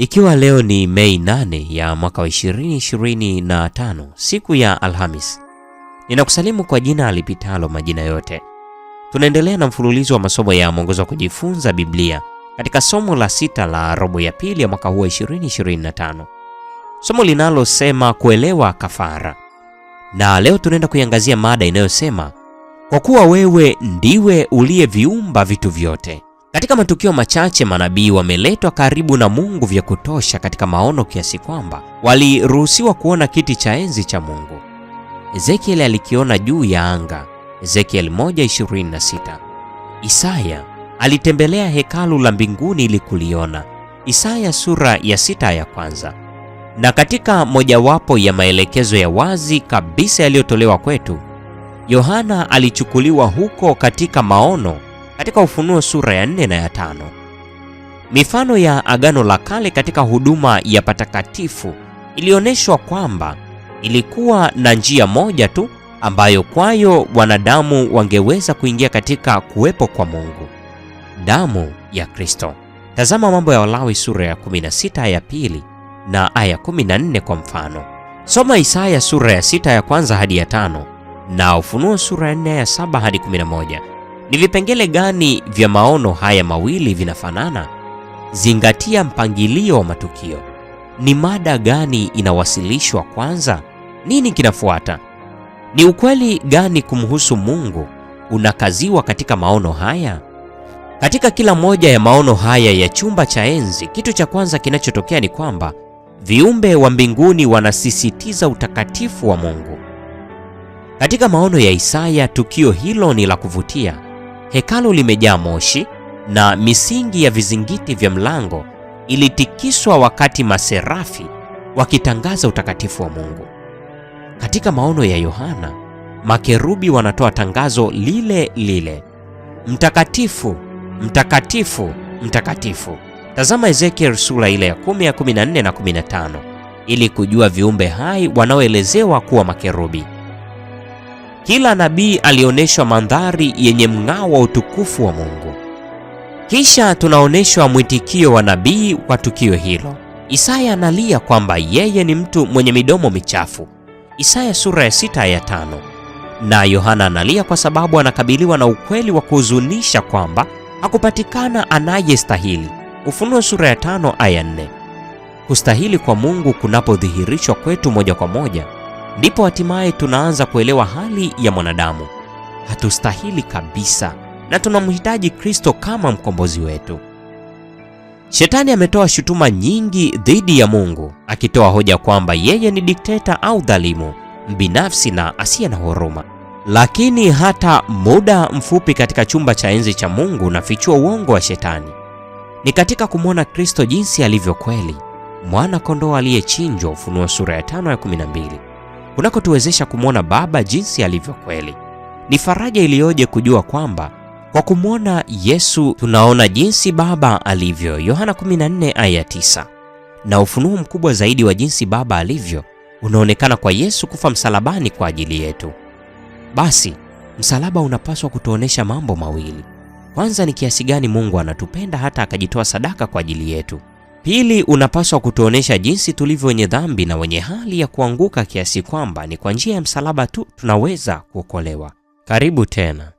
Ikiwa leo ni Mei 8 ya mwaka wa 2025 siku ya Alhamis, ninakusalimu kwa jina alipitalo majina yote. Tunaendelea na mfululizo wa masomo ya mwongozo wa kujifunza Biblia katika somo la sita la robo ya pili ya mwaka huu wa 2025, somo linalosema kuelewa kafara, na leo tunaenda kuiangazia mada inayosema kwa kuwa wewe ndiwe uliyeviumba vitu vyote katika matukio machache manabii wameletwa karibu na Mungu vya kutosha katika maono kiasi kwamba waliruhusiwa kuona kiti cha enzi cha Mungu. Ezekiel alikiona juu ya anga, Ezekiel 1:26. Isaya alitembelea hekalu la mbinguni ili kuliona, Isaya sura ya sita ya kwanza. Na katika mojawapo ya maelekezo ya wazi kabisa yaliyotolewa kwetu, Yohana alichukuliwa huko katika maono katika Ufunuo sura ya 4 na ya tano. Mifano ya Agano la Kale katika huduma ya patakatifu ilionyeshwa kwamba ilikuwa na njia moja tu ambayo kwayo wanadamu wangeweza kuingia katika kuwepo kwa Mungu, damu ya Kristo. Tazama Mambo ya Walawi sura ya 16 ya pili na aya 14 kwa mfano. Soma Isaya sura ya 6 ya kwanza hadi ya tano na Ufunuo sura ya 4 ya 7 hadi 11. Ni vipengele gani vya maono haya mawili vinafanana? Zingatia mpangilio wa matukio. Ni mada gani inawasilishwa kwanza? Nini kinafuata? Ni ukweli gani kumhusu Mungu unakaziwa katika maono haya? Katika kila moja ya maono haya ya chumba cha enzi, kitu cha kwanza kinachotokea ni kwamba viumbe wa mbinguni wanasisitiza utakatifu wa Mungu. Katika maono ya Isaya, tukio hilo ni la kuvutia hekalo limejaa moshi na misingi ya vizingiti vya mlango ilitikiswa wakati maserafi wakitangaza utakatifu wa Mungu. Katika maono ya Yohana, makerubi wanatoa tangazo lile lile, mtakatifu, mtakatifu, mtakatifu. Tazama Ezekiel sura ile ya 10 ya 14 na 15 ili kujua viumbe hai wanaoelezewa kuwa makerubi. Kila nabii alionyeshwa mandhari yenye mng'ao wa utukufu wa Mungu. Kisha tunaonyeshwa mwitikio wa nabii kwa tukio hilo. Isaya analia kwamba yeye ni mtu mwenye midomo michafu, Isaya sura ya sita aya tano. Na Yohana analia kwa sababu anakabiliwa na ukweli wa kuhuzunisha kwamba hakupatikana anayestahili, Ufunuo sura ya tano aya nne. Kustahili kwa Mungu kunapodhihirishwa kwetu moja kwa moja ndipo hatimaye tunaanza kuelewa hali ya mwanadamu. Hatustahili kabisa na tunamhitaji Kristo kama mkombozi wetu. Shetani ametoa shutuma nyingi dhidi ya Mungu, akitoa hoja kwamba yeye ni dikteta au dhalimu, mbinafsi na asiye na huruma. Lakini hata muda mfupi katika chumba cha enzi cha Mungu unafichua uongo wa Shetani. Ni katika kumwona Kristo jinsi alivyo kweli, mwana kondoo aliyechinjwa, Ufunuo sura ya 5 ya 12 kunakotuwezesha kumwona Baba jinsi alivyo kweli. Ni faraja iliyoje kujua kwamba kwa kumwona Yesu tunaona jinsi Baba alivyo, Yohana 14 aya 9. Na ufunuo mkubwa zaidi wa jinsi Baba alivyo unaonekana kwa Yesu kufa msalabani kwa ajili yetu. Basi msalaba unapaswa kutuonesha mambo mawili. Kwanza ni kiasi gani Mungu anatupenda hata akajitoa sadaka kwa ajili yetu, Pili, unapaswa kutuonesha jinsi tulivyo wenye dhambi na wenye hali ya kuanguka kiasi kwamba ni kwa njia ya msalaba tu tunaweza kuokolewa. Karibu tena.